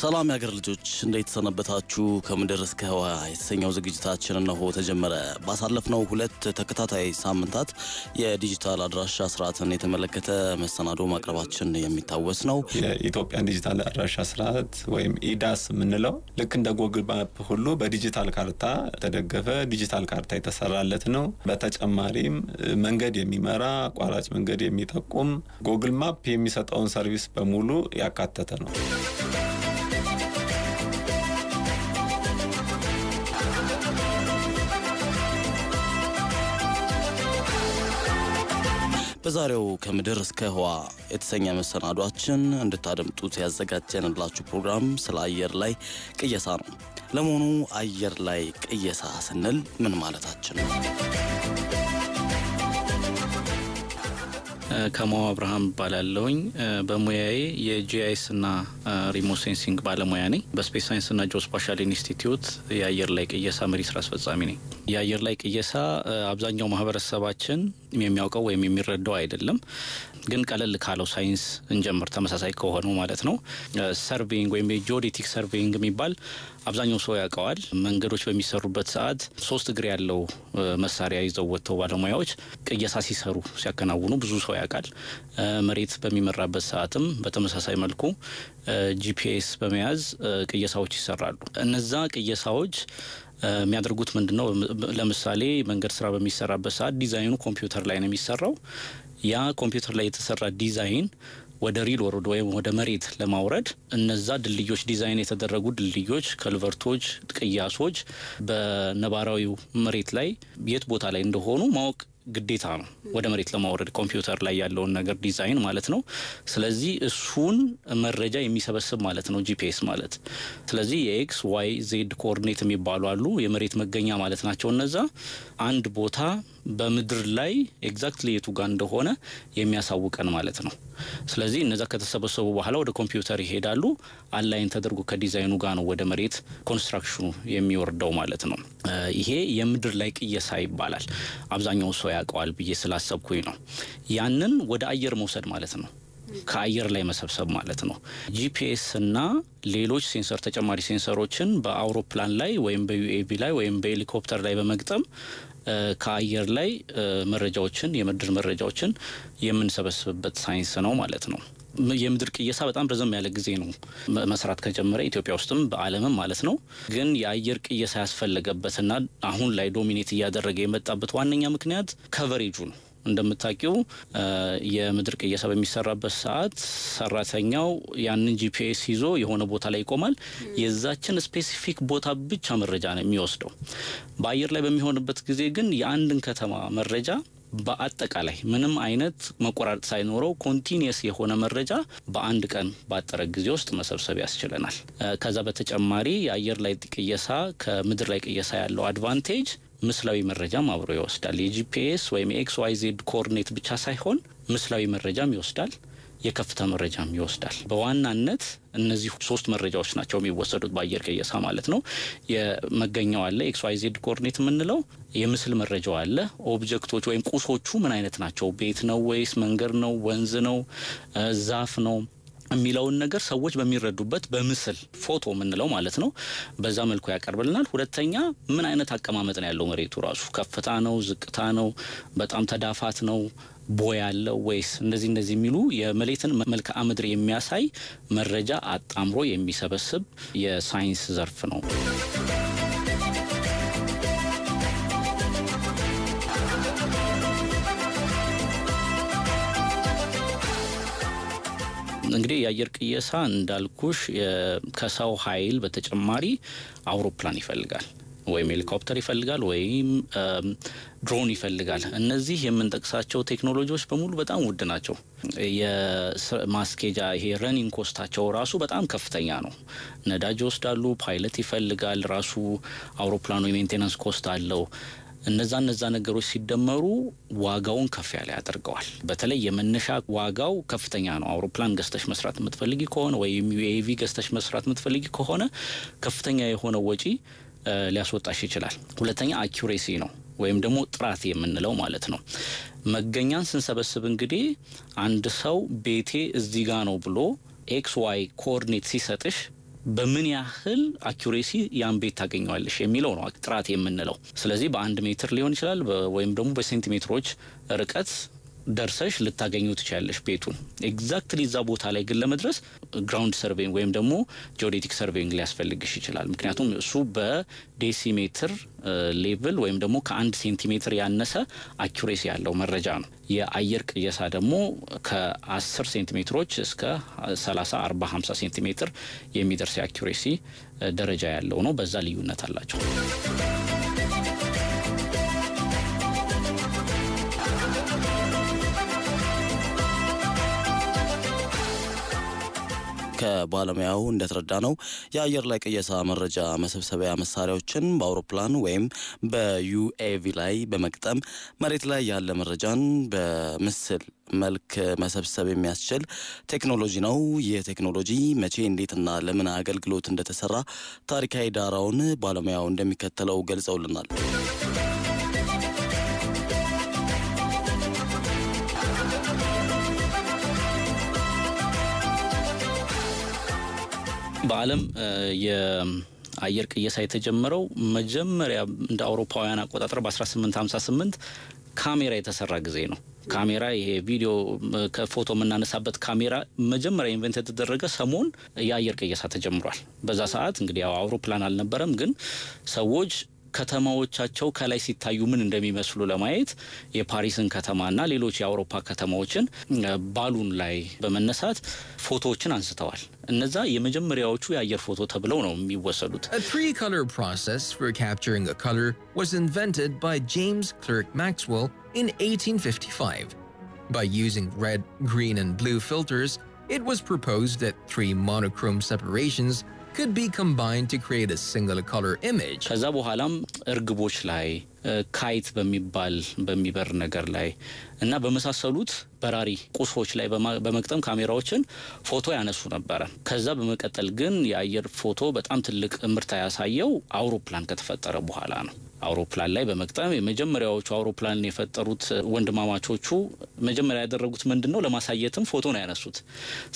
ሰላም ያገር ልጆች እንዴት ሰነበታችሁ? ከምድር እስከ ህዋ የተሰኘው ዝግጅታችን እነሆ ተጀመረ። ባሳለፍነው ሁለት ተከታታይ ሳምንታት የዲጂታል አድራሻ ስርዓትን የተመለከተ መሰናዶ ማቅረባችን የሚታወስ ነው። የኢትዮጵያን ዲጂታል አድራሻ ስርዓት ወይም ኢዳስ የምንለው ልክ እንደ ጎግል ማፕ ሁሉ በዲጂታል ካርታ ተደገፈ ዲጂታል ካርታ የተሰራለት ነው። በተጨማሪም መንገድ የሚመራ አቋራጭ መንገድ የሚጠቁም ጎግል ማፕ የሚሰጠውን ሰርቪስ በሙሉ ያካተተ ነው። በዛሬው ከምድር እስከ ህዋ የተሰኘ መሰናዷችን እንድታደምጡት ያዘጋጀንላችሁ ፕሮግራም ስለ አየር ላይ ቅየሳ ነው። ለመሆኑ አየር ላይ ቅየሳ ስንል ምን ማለታችን ነው? ከማው አብርሃም እባላለሁኝ። በሙያዬ የጂአይስ ና ሪሞት ሴንሲንግ ባለሙያ ነኝ። በስፔስ ሳይንስ ና ጂኦስፓሻል ኢንስቲትዩት የአየር ላይ ቅየሳ መሪ ስራ አስፈጻሚ ነኝ። የአየር ላይ ቅየሳ አብዛኛው ማህበረሰባችን የሚያውቀው ወይም የሚረዳው አይደለም። ግን ቀለል ካለው ሳይንስ እንጀምር፣ ተመሳሳይ ከሆነው ማለት ነው። ሰርቪንግ ወይም የጂኦዴቲክ ሰርቪንግ የሚባል አብዛኛው ሰው ያውቀዋል። መንገዶች በሚሰሩበት ሰዓት ሶስት እግር ያለው መሳሪያ ይዘው ወጥተው ባለሙያዎች ቅየሳ ሲሰሩ ሲያከናውኑ ብዙ ሰው ይጠበቃል። መሬት በሚመራበት ሰዓትም በተመሳሳይ መልኩ ጂፒኤስ በመያዝ ቅየሳዎች ይሰራሉ። እነዛ ቅየሳዎች የሚያደርጉት ምንድን ነው? ለምሳሌ መንገድ ስራ በሚሰራበት ሰዓት ዲዛይኑ ኮምፒውተር ላይ ነው የሚሰራው። ያ ኮምፒውተር ላይ የተሰራ ዲዛይን ወደ ሪል ወርድ ወይም ወደ መሬት ለማውረድ እነዛ ድልድዮች ዲዛይን የተደረጉ ድልድዮች፣ ከልቨርቶች፣ ቅያሶች በነባራዊው መሬት ላይ የት ቦታ ላይ እንደሆኑ ማወቅ ግዴታ ነው ወደ መሬት ለማውረድ ኮምፒውተር ላይ ያለውን ነገር ዲዛይን ማለት ነው። ስለዚህ እሱን መረጃ የሚሰበስብ ማለት ነው ጂፒኤስ ማለት። ስለዚህ የኤክስ ዋይ ዜድ ኮኦርዲኔት የሚባሉ አሉ የመሬት መገኛ ማለት ናቸው። እነዛ አንድ ቦታ በምድር ላይ ኤግዛክትሊ የቱ ጋር እንደሆነ የሚያሳውቀን ማለት ነው። ስለዚህ እነዛ ከተሰበሰቡ በኋላ ወደ ኮምፒውተር ይሄዳሉ። አላይን ተደርጎ ከዲዛይኑ ጋር ነው ወደ መሬት ኮንስትራክሽኑ የሚወርደው ማለት ነው። ይሄ የምድር ላይ ቅየሳ ይባላል። አብዛኛው ሰው ያውቀዋል ብዬ ስላሰብኩኝ ነው። ያንን ወደ አየር መውሰድ ማለት ነው። ከአየር ላይ መሰብሰብ ማለት ነው። ጂፒኤስ እና ሌሎች ሴንሰር ተጨማሪ ሴንሰሮችን በአውሮፕላን ላይ ወይም በዩኤቪ ላይ ወይም በሄሊኮፕተር ላይ በመግጠም ከአየር ላይ መረጃዎችን የምድር መረጃዎችን የምንሰበስብበት ሳይንስ ነው ማለት ነው። የምድር ቅየሳ በጣም ረዘም ያለ ጊዜ ነው መስራት ከጀመረ ኢትዮጵያ ውስጥም በዓለምም ማለት ነው። ግን የአየር ቅየሳ ያስፈለገበትና አሁን ላይ ዶሚኔት እያደረገ የመጣበት ዋነኛ ምክንያት ከቨሬጁ ነው። እንደምታውቂው የምድር ቅየሳ በሚሰራበት ሰዓት ሰራተኛው ያንን ጂፒኤስ ይዞ የሆነ ቦታ ላይ ይቆማል። የዛችን ስፔሲፊክ ቦታ ብቻ መረጃ ነው የሚወስደው። በአየር ላይ በሚሆንበት ጊዜ ግን የአንድን ከተማ መረጃ በአጠቃላይ ምንም አይነት መቆራረጥ ሳይኖረው ኮንቲኒየስ የሆነ መረጃ በአንድ ቀን ባጠረ ጊዜ ውስጥ መሰብሰብ ያስችለናል። ከዛ በተጨማሪ የአየር ላይ ቅየሳ ከምድር ላይ ቅየሳ ያለው አድቫንቴጅ ምስላዊ መረጃም አብሮ ይወስዳል። የጂፒኤስ ወይም ኤክስ ዋይ ዜድ ኮኦርዲኔት ብቻ ሳይሆን ምስላዊ መረጃም ይወስዳል፣ የከፍታ መረጃም ይወስዳል። በዋናነት እነዚህ ሶስት መረጃዎች ናቸው የሚወሰዱት በአየር ቀየሳ ማለት ነው። የመገኛው አለ ኤክስ ዋይ ዜድ ኮኦርዲኔት የምንለው የምስል መረጃው አለ። ኦብጀክቶች ወይም ቁሶቹ ምን አይነት ናቸው? ቤት ነው ወይስ መንገድ ነው? ወንዝ ነው? ዛፍ ነው? የሚለውን ነገር ሰዎች በሚረዱበት በምስል ፎቶ የምንለው ማለት ነው። በዛ መልኩ ያቀርብልናል። ሁለተኛ ምን አይነት አቀማመጥ ነው ያለው መሬቱ ራሱ ከፍታ ነው፣ ዝቅታ ነው፣ በጣም ተዳፋት ነው፣ ቦያ አለው ወይስ እንደዚህ እንደዚህ የሚሉ የመሬትን መልክዓ ምድር የሚያሳይ መረጃ አጣምሮ የሚሰበስብ የሳይንስ ዘርፍ ነው። እንግዲህ የአየር ቅየሳ እንዳልኩሽ ከሰው ኃይል በተጨማሪ አውሮፕላን ይፈልጋል ወይም ሄሊኮፕተር ይፈልጋል ወይም ድሮን ይፈልጋል። እነዚህ የምንጠቅሳቸው ቴክኖሎጂዎች በሙሉ በጣም ውድ ናቸው። የማስኬጃ ይሄ ረኒንግ ኮስታቸው ራሱ በጣም ከፍተኛ ነው። ነዳጅ ይወስዳሉ፣ ፓይለት ይፈልጋል፣ ራሱ አውሮፕላኑ የሜንቴናንስ ኮስት አለው። እነዛ እነዛ ነገሮች ሲደመሩ ዋጋውን ከፍ ያለ ያደርገዋል። በተለይ የመነሻ ዋጋው ከፍተኛ ነው። አውሮፕላን ገዝተሽ መስራት የምትፈልጊ ከሆነ ወይም ዩኤቪ ገዝተሽ መስራት የምትፈልጊ ከሆነ ከፍተኛ የሆነ ወጪ ሊያስወጣሽ ይችላል። ሁለተኛ አኪሬሲ ነው ወይም ደግሞ ጥራት የምንለው ማለት ነው። መገኛን ስንሰበስብ እንግዲህ አንድ ሰው ቤቴ እዚህ ጋ ነው ብሎ ኤክስ ዋይ ኮኦርዲኔት ሲሰጥሽ በምን ያህል አኪሬሲ ያን ቤት ታገኘዋለሽ የሚለው ነው ጥራት የምንለው። ስለዚህ በአንድ ሜትር ሊሆን ይችላል ወይም ደግሞ በሴንቲሜትሮች ርቀት ደርሰሽ ልታገኙ ትችላለሽ ቤቱን። ኤግዛክትሊ እዛ ቦታ ላይ ግን ለመድረስ ግራውንድ ሰርቬይንግ ወይም ደግሞ ጂኦዴቲክ ሰርቬይንግ ሊያስፈልግሽ ይችላል። ምክንያቱም እሱ በዴሲሜትር ሌቭል ወይም ደግሞ ከአንድ ሴንቲሜትር ያነሰ አኪሬሲ ያለው መረጃ ነው። የአየር ቅየሳ ደግሞ ከአስር ሴንቲሜትሮች እስከ 30፣ አርባ ሀምሳ ሴንቲሜትር የሚደርስ የአኪሬሲ ደረጃ ያለው ነው። በዛ ልዩነት አላቸው። ከባለሙያው እንደተረዳ ነው የአየር ላይ ቅየሳ መረጃ መሰብሰቢያ መሳሪያዎችን በአውሮፕላን ወይም በዩኤቪ ላይ በመቅጠም መሬት ላይ ያለ መረጃን በምስል መልክ መሰብሰብ የሚያስችል ቴክኖሎጂ ነው። ይህ ቴክኖሎጂ መቼ፣ እንዴትና ለምን አገልግሎት እንደተሰራ ታሪካዊ ዳራውን ባለሙያው እንደሚከተለው ገልጸውልናል። በዓለም የአየር ቅየሳ የተጀመረው መጀመሪያ እንደ አውሮፓውያን አቆጣጠር በ1858 ካሜራ የተሰራ ጊዜ ነው። ካሜራ ይሄ ቪዲዮ ከፎቶ የምናነሳበት ካሜራ መጀመሪያ ኢንቨንት የተደረገ ሰሞን የአየር ቅየሳ ተጀምሯል። በዛ ሰዓት እንግዲህ ያው አውሮፕላን አልነበረም፣ ግን ሰዎች ከተማዎቻቸው ከላይ ሲታዩ ምን እንደሚመስሉ ለማየት የፓሪስን ከተማና ሌሎች የአውሮፓ ከተማዎችን ባሉን ላይ በመነሳት ፎቶዎችን አንስተዋል። እነዛ የመጀመሪያዎቹ የአየር ፎቶ ተብለው ነው የሚወሰዱት። By using red, green, and blue filters, it was proposed that three monochrome separations ከዛ በኋላም እርግቦች ላይ ካይት በሚባል በሚበር ነገር ላይ እና በመሳሰሉት በራሪ ቁሶች ላይ በመቅጠም ካሜራዎችን ፎቶ ያነሱ ነበረ። ከዛ በመቀጠል ግን የአየር ፎቶ በጣም ትልቅ እምርታ ያሳየው አውሮፕላን ከተፈጠረ በኋላ ነው። አውሮፕላን ላይ በመቅጠም የመጀመሪያዎቹ አውሮፕላን የፈጠሩት ወንድማማቾቹ መጀመሪያ ያደረጉት ምንድን ነው? ለማሳየትም ፎቶ ነው ያነሱት።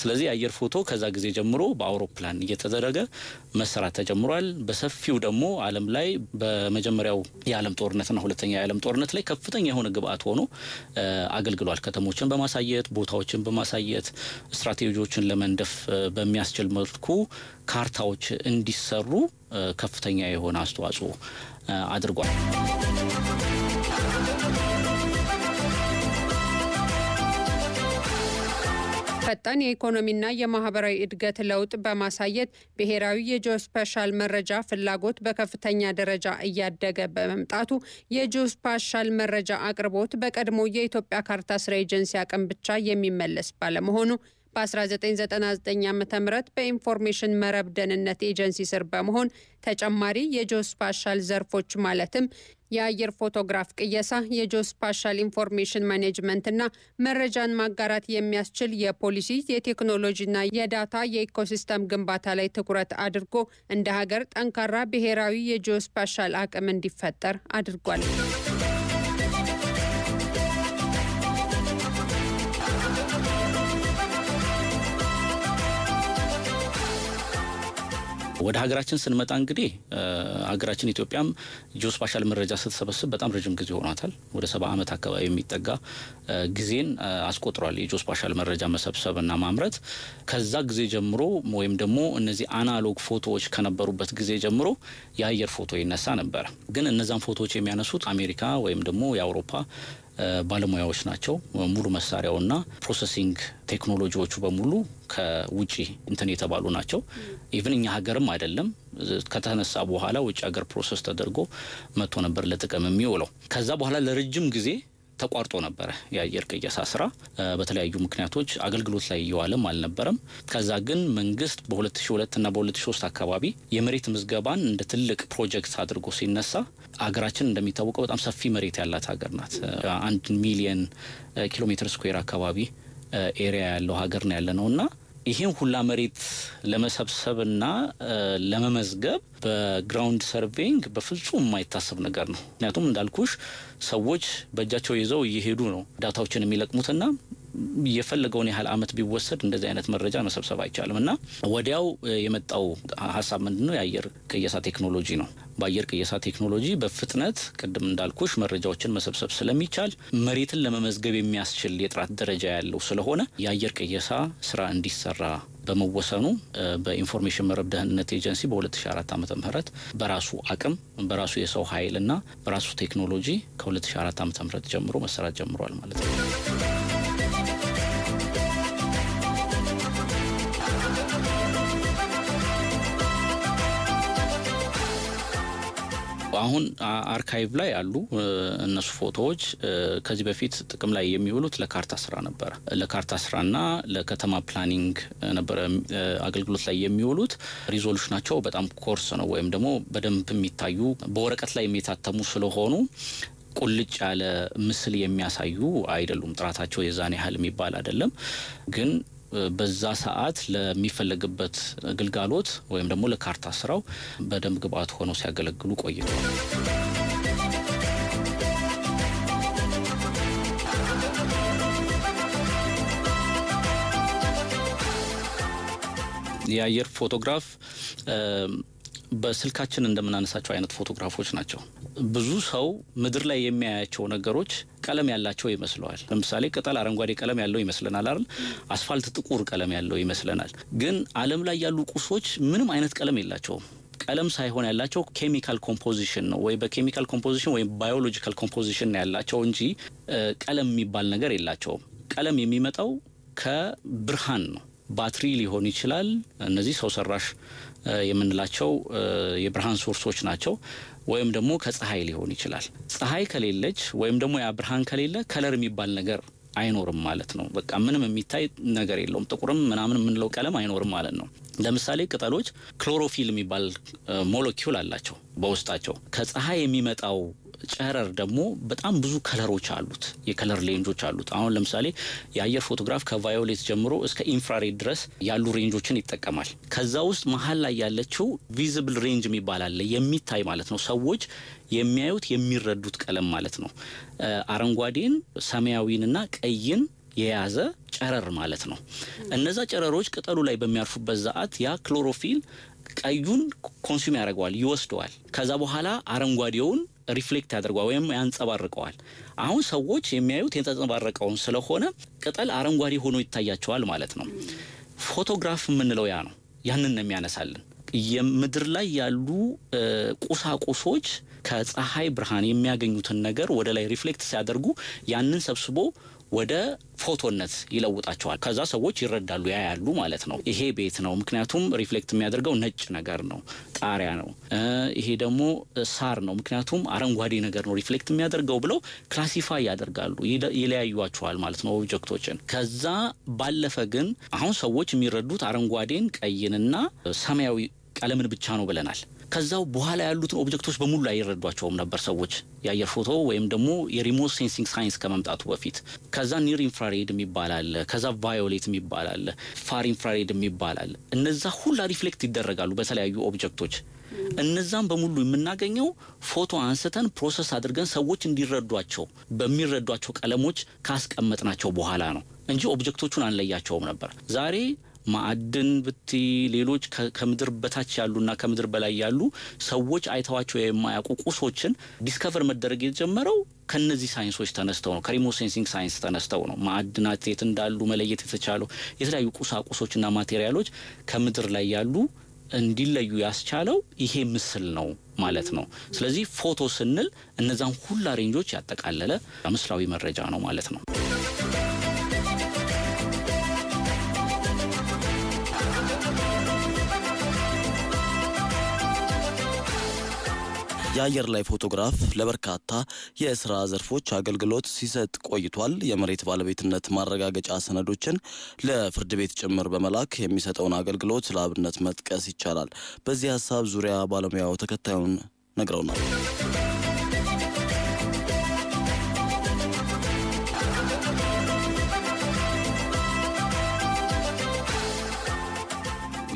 ስለዚህ የአየር ፎቶ ከዛ ጊዜ ጀምሮ በአውሮፕላን እየተደረገ መሰራት ተጀምሯል። በሰፊው ደግሞ ዓለም ላይ በመጀመሪያው የዓለም ጦርነትና ሁለተኛ የዓለም ጦርነት ላይ ከፍተኛ የሆነ ግብአት ሆኖ አገልግሏል። ከተሞችን በማሳየት ቦታዎችን በማሳየት ስትራቴጂዎችን ለመንደፍ በሚያስችል መልኩ ካርታዎች እንዲሰሩ ከፍተኛ የሆነ አስተዋጽኦ አድርጓል። ፈጣን የኢኮኖሚና የማህበራዊ እድገት ለውጥ በማሳየት ብሔራዊ የጂኦስፓሻል መረጃ ፍላጎት በከፍተኛ ደረጃ እያደገ በመምጣቱ የጂኦስፓሻል መረጃ አቅርቦት በቀድሞ የኢትዮጵያ ካርታ ስራ ኤጀንሲ አቅም ብቻ የሚመለስ ባለመሆኑ በ1999 ዓ ም በኢንፎርሜሽን መረብ ደህንነት ኤጀንሲ ስር በመሆን ተጨማሪ የጂኦስፓሻል ዘርፎች ማለትም የአየር ፎቶግራፍ ቅየሳ፣ የጂኦስፓሻል ኢንፎርሜሽን ማኔጅመንት ና መረጃን ማጋራት የሚያስችል የፖሊሲ የቴክኖሎጂና የዳታ የኢኮሲስተም ግንባታ ላይ ትኩረት አድርጎ እንደ ሀገር ጠንካራ ብሔራዊ የጂኦስፓሻል አቅም እንዲፈጠር አድርጓል። ወደ ሀገራችን ስንመጣ እንግዲህ ሀገራችን ኢትዮጵያም ጂኦስፓሻል መረጃ ስትሰበስብ በጣም ረጅም ጊዜ ሆኗታል። ወደ ሰባ ዓመት አካባቢ የሚጠጋ ጊዜን አስቆጥሯል የጂኦስፓሻል መረጃ እና ማምረት። ከዛ ጊዜ ጀምሮ ወይም ደግሞ እነዚህ አናሎግ ፎቶዎች ከነበሩበት ጊዜ ጀምሮ የአየር ፎቶ ይነሳ ነበረ። ግን እነዛን ፎቶዎች የሚያነሱት አሜሪካ ወይም ደግሞ የአውሮፓ ባለሙያዎች ናቸው። ሙሉ መሳሪያውና ፕሮሰሲንግ ቴክኖሎጂዎቹ በሙሉ ከውጪ እንትን የተባሉ ናቸው። ኢቨን እኛ ሀገርም አይደለም ከተነሳ በኋላ ውጭ ሀገር ፕሮሰስ ተደርጎ መጥቶ ነበር ለጥቅም የሚውለው ከዛ በኋላ ለረጅም ጊዜ ተቋርጦ ነበረ የአየር ቅየሳ ስራ በተለያዩ ምክንያቶች አገልግሎት ላይ እየዋለም አልነበረም። ከዛ ግን መንግስት በ2002 እና በ2003 አካባቢ የመሬት ምዝገባን እንደ ትልቅ ፕሮጀክት አድርጎ ሲነሳ አገራችን እንደሚታወቀው በጣም ሰፊ መሬት ያላት ሀገር ናት። አንድ ሚሊየን ኪሎ ሜትር ስኩዌር አካባቢ ኤሪያ ያለው ሀገር ነው ያለ ነው እና ይህን ሁላ መሬት ለመሰብሰብና ለመመዝገብ በግራውንድ ሰርቬይንግ በፍጹም የማይታሰብ ነገር ነው። ምክንያቱም እንዳልኩሽ ሰዎች በእጃቸው ይዘው እየሄዱ ነው ዳታዎችን የሚለቅሙትና የፈለገውን ያህል አመት ቢወሰድ እንደዚህ አይነት መረጃ መሰብሰብ አይቻልም እና ወዲያው የመጣው ሀሳብ ምንድነው የአየር ቅየሳ ቴክኖሎጂ ነው። በአየር ቅየሳ ቴክኖሎጂ በፍጥነት ቅድም እንዳልኩሽ መረጃዎችን መሰብሰብ ስለሚቻል መሬትን ለመመዝገብ የሚያስችል የጥራት ደረጃ ያለው ስለሆነ የአየር ቅየሳ ስራ እንዲሰራ በመወሰኑ በኢንፎርሜሽን መረብ ደህንነት ኤጀንሲ በ2004 ዓ ም በራሱ አቅም በራሱ የሰው ኃይል እና በራሱ ቴክኖሎጂ ከ2004 ዓ ም ጀምሮ መሰራት ጀምሯል ማለት ነው። አሁን አርካይቭ ላይ አሉ እነሱ ፎቶዎች። ከዚህ በፊት ጥቅም ላይ የሚውሉት ለካርታ ስራ ነበረ። ለካርታ ስራና ለከተማ ፕላኒንግ ነበረ አገልግሎት ላይ የሚውሉት። ሪዞሉሽናቸው በጣም ኮርስ ነው ወይም ደግሞ በደንብ የሚታዩ በወረቀት ላይ የሚታተሙ ስለሆኑ ቁልጭ ያለ ምስል የሚያሳዩ አይደሉም። ጥራታቸው የዛን ያህል የሚባል አይደለም ግን በዛ ሰዓት ለሚፈለግበት ግልጋሎት ወይም ደግሞ ለካርታ ስራው በደንብ ግብአት ሆነው ሲያገለግሉ ቆይተዋል። የአየር ፎቶግራፍ በስልካችን እንደምናነሳቸው አይነት ፎቶግራፎች ናቸው። ብዙ ሰው ምድር ላይ የሚያያቸው ነገሮች ቀለም ያላቸው ይመስለዋል። ለምሳሌ ቅጠል አረንጓዴ ቀለም ያለው ይመስለናል አይደል? አስፋልት ጥቁር ቀለም ያለው ይመስለናል። ግን ዓለም ላይ ያሉ ቁሶች ምንም አይነት ቀለም የላቸውም። ቀለም ሳይሆን ያላቸው ኬሚካል ኮምፖዚሽን ነው ወይ በኬሚካል ኮምፖዚሽን ወይም ባዮሎጂካል ኮምፖዚሽን ነው ያላቸው እንጂ ቀለም የሚባል ነገር የላቸውም። ቀለም የሚመጣው ከብርሃን ነው። ባትሪ ሊሆን ይችላል። እነዚህ ሰው ሰራሽ የምንላቸው የብርሃን ሶርሶች ናቸው። ወይም ደግሞ ከፀሐይ ሊሆን ይችላል። ፀሐይ ከሌለች ወይም ደግሞ ያ ብርሃን ከሌለ ከለር የሚባል ነገር አይኖርም ማለት ነው። በቃ ምንም የሚታይ ነገር የለውም። ጥቁርም ምናምን የምንለው ቀለም አይኖርም ማለት ነው። ለምሳሌ ቅጠሎች ክሎሮፊል የሚባል ሞለኪውል አላቸው በውስጣቸው ከፀሐይ የሚመጣው ጨረር ደግሞ በጣም ብዙ ከለሮች አሉት፣ የከለር ሬንጆች አሉት። አሁን ለምሳሌ የአየር ፎቶግራፍ ከቫዮሌት ጀምሮ እስከ ኢንፍራሬድ ድረስ ያሉ ሬንጆችን ይጠቀማል። ከዛ ውስጥ መሀል ላይ ያለችው ቪዚብል ሬንጅ የሚባል አለ፣ የሚታይ ማለት ነው። ሰዎች የሚያዩት የሚረዱት ቀለም ማለት ነው። አረንጓዴን ሰማያዊንና ቀይን የያዘ ጨረር ማለት ነው። እነዛ ጨረሮች ቅጠሉ ላይ በሚያርፉበት ሰዓት ያ ክሎሮፊል ቀዩን ኮንሱም ያደርገዋል፣ ይወስደዋል። ከዛ በኋላ አረንጓዴውን ሪፍሌክት ያደርገዋል ወይም ያንጸባርቀዋል። አሁን ሰዎች የሚያዩት የተንጸባረቀውን ስለሆነ ቅጠል አረንጓዴ ሆኖ ይታያቸዋል ማለት ነው። ፎቶግራፍ የምንለው ያ ነው። ያንን ነው የሚያነሳልን። የምድር ላይ ያሉ ቁሳቁሶች ከፀሐይ ብርሃን የሚያገኙትን ነገር ወደ ላይ ሪፍሌክት ሲያደርጉ ያንን ሰብስቦ ወደ ፎቶነት ይለውጣቸዋል። ከዛ ሰዎች ይረዳሉ፣ ያያሉ ማለት ነው። ይሄ ቤት ነው። ምክንያቱም ሪፍሌክት የሚያደርገው ነጭ ነገር ነው፣ ጣሪያ ነው። ይሄ ደግሞ ሳር ነው፣ ምክንያቱም አረንጓዴ ነገር ነው ሪፍሌክት የሚያደርገው ብለው ክላሲፋይ ያደርጋሉ፣ ይለያዩቸዋል ማለት ነው ኦብጀክቶችን። ከዛ ባለፈ ግን አሁን ሰዎች የሚረዱት አረንጓዴን፣ ቀይንና ሰማያዊ ቀለምን ብቻ ነው ብለናል። ከዛው በኋላ ያሉትን ኦብጀክቶች በሙሉ አይረዷቸውም ነበር ሰዎች የአየር ፎቶ ወይም ደግሞ የሪሞት ሴንሲንግ ሳይንስ ከመምጣቱ በፊት። ከዛ ኒር ኢንፍራሬድ የሚባል ከዛ ቫዮሌት የሚባል ፋር ኢንፍራሬድ የሚባል እነዛ ሁላ ሪፍሌክት ይደረጋሉ በተለያዩ ኦብጀክቶች። እነዛም በሙሉ የምናገኘው ፎቶ አንስተን ፕሮሰስ አድርገን ሰዎች እንዲረዷቸው በሚረዷቸው ቀለሞች ካስቀመጥናቸው በኋላ ነው እንጂ ኦብጀክቶቹን አንለያቸውም ነበር ዛሬ ማዕድን ብቲ ሌሎች ከምድር በታች ያሉና ከምድር በላይ ያሉ ሰዎች አይተዋቸው የማያውቁ ቁሶችን ዲስከቨር መደረግ የተጀመረው ከነዚህ ሳይንሶች ተነስተው ነው። ከሪሞት ሴንሲንግ ሳይንስ ተነስተው ነው ማዕድናት የት እንዳሉ መለየት የተቻለው። የተለያዩ ቁሳቁሶችና ማቴሪያሎች ከምድር ላይ ያሉ እንዲለዩ ያስቻለው ይሄ ምስል ነው ማለት ነው። ስለዚህ ፎቶ ስንል እነዛን ሁላ ሬንጆች ያጠቃለለ ምስላዊ መረጃ ነው ማለት ነው። የአየር ላይ ፎቶግራፍ ለበርካታ የስራ ዘርፎች አገልግሎት ሲሰጥ ቆይቷል። የመሬት ባለቤትነት ማረጋገጫ ሰነዶችን ለፍርድ ቤት ጭምር በመላክ የሚሰጠውን አገልግሎት ለአብነት መጥቀስ ይቻላል። በዚህ ሀሳብ ዙሪያ ባለሙያው ተከታዩን ነግረውናል።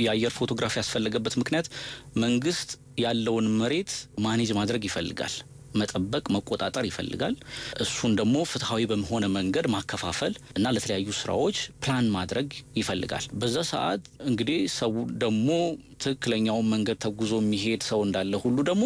የአየር ፎቶግራፊ ያስፈለገበት ምክንያት መንግስት ያለውን መሬት ማኔጅ ማድረግ ይፈልጋል፣ መጠበቅ፣ መቆጣጠር ይፈልጋል። እሱን ደግሞ ፍትሐዊ በመሆነ መንገድ ማከፋፈል እና ለተለያዩ ስራዎች ፕላን ማድረግ ይፈልጋል። በዛ ሰዓት እንግዲህ ሰው ደግሞ ትክክለኛውን መንገድ ተጉዞ የሚሄድ ሰው እንዳለ ሁሉ ደግሞ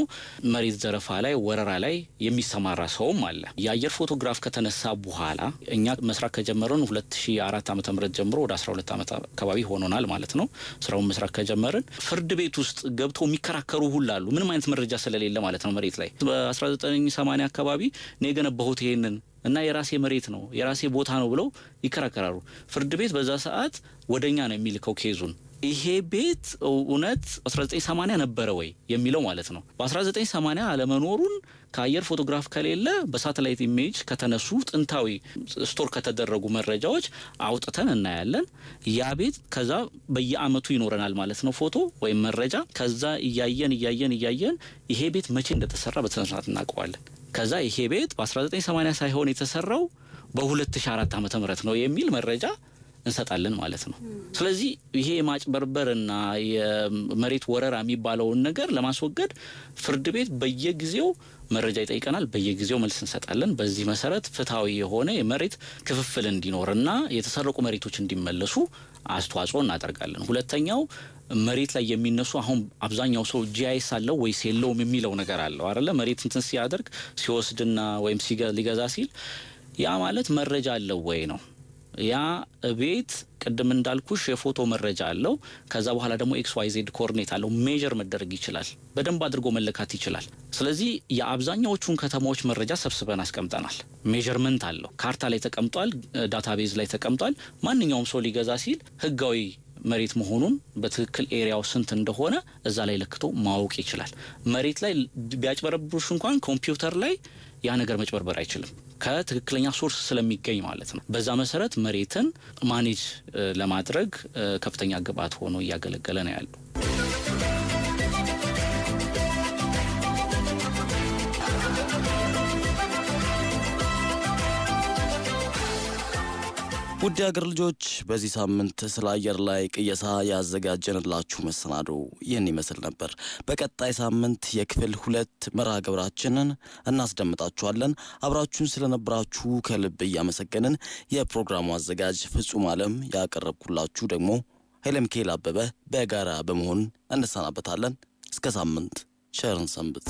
መሬት ዘረፋ ላይ ወረራ ላይ የሚሰማራ ሰውም አለ። የአየር ፎቶግራፍ ከተነሳ በኋላ እኛ መስራት ከጀመረን 2004 ዓ ም ጀምሮ ወደ 12 ዓመት አካባቢ ሆኖናል ማለት ነው። ስራውን መስራት ከጀመርን ፍርድ ቤት ውስጥ ገብተው የሚከራከሩ ሁሉ አሉ፣ ምንም አይነት መረጃ ስለሌለ ማለት ነው። መሬት ላይ በ1980 አካባቢ ነው የገነባሁት ይሄንን እና የራሴ መሬት ነው የራሴ ቦታ ነው ብለው ይከራከራሉ። ፍርድ ቤት በዛ ሰዓት ወደኛ ነው የሚልከው ኬዙን ይሄ ቤት እውነት 1980 ነበረ ወይ የሚለው ማለት ነው። በ1980 አለመኖሩን ከአየር ፎቶግራፍ ከሌለ በሳተላይት ኢሜጅ ከተነሱ ጥንታዊ ስቶር ከተደረጉ መረጃዎች አውጥተን እናያለን። ያ ቤት ከዛ በየአመቱ ይኖረናል ማለት ነው ፎቶ ወይም መረጃ። ከዛ እያየን እያየን እያየን ይሄ ቤት መቼ እንደተሰራ በስነ እናውቀዋለን። ከዛ ይሄ ቤት በ1980 ሳይሆን የተሰራው በ2004 ዓ ም ነው የሚል መረጃ እንሰጣለን ማለት ነው። ስለዚህ ይሄ የማጭበርበርና የመሬት ወረራ የሚባለውን ነገር ለማስወገድ ፍርድ ቤት በየጊዜው መረጃ ይጠይቀናል። በየጊዜው መልስ እንሰጣለን። በዚህ መሰረት ፍትሐዊ የሆነ የመሬት ክፍፍል እንዲኖርና የተሰረቁ መሬቶች እንዲመለሱ አስተዋጽኦ እናደርጋለን። ሁለተኛው መሬት ላይ የሚነሱ አሁን አብዛኛው ሰው ጂአይስ አለው ወይስ የለውም የሚለው ነገር አለው አለ መሬት እንትን ሲያደርግ ሲወስድና ወይም ሊገዛ ሲል ያ ማለት መረጃ አለው ወይ ነው ያ ቤት ቅድም እንዳልኩሽ የፎቶ መረጃ አለው። ከዛ በኋላ ደግሞ ኤክስ ዋይ ዜድ ኮርኔት አለው። ሜጀር መደረግ ይችላል፣ በደንብ አድርጎ መለካት ይችላል። ስለዚህ የአብዛኛዎቹን ከተማዎች መረጃ ሰብስበን አስቀምጠናል። ሜርመንት አለው፣ ካርታ ላይ ተቀምጧል፣ ዳታቤዝ ላይ ተቀምጧል። ማንኛውም ሰው ሊገዛ ሲል ህጋዊ መሬት መሆኑን በትክክል ኤሪያው ስንት እንደሆነ እዛ ላይ ለክቶ ማወቅ ይችላል። መሬት ላይ ቢያጭበረብሩሽ እንኳን ኮምፒውተር ላይ ያ ነገር መጭበርበር አይችልም። ከትክክለኛ ሶርስ ስለሚገኝ ማለት ነው። በዛ መሰረት መሬትን ማኔጅ ለማድረግ ከፍተኛ ግብዓት ሆኖ እያገለገለ ነው ያለው። ውድ አገር ልጆች በዚህ ሳምንት ስለ አየር ላይ ቅየሳ ያዘጋጀንላችሁ መሰናዶ ይህን ይመስል ነበር። በቀጣይ ሳምንት የክፍል ሁለት መርሃ ግብራችንን እናስደምጣችኋለን። አብራችሁን ስለነበራችሁ ከልብ እያመሰገንን የፕሮግራሙ አዘጋጅ ፍጹም አለም፣ ያቀረብኩላችሁ ደግሞ ሄለም ኬል አበበ በጋራ በመሆን እንሰናበታለን። እስከ ሳምንት ቸርን ሰንብት።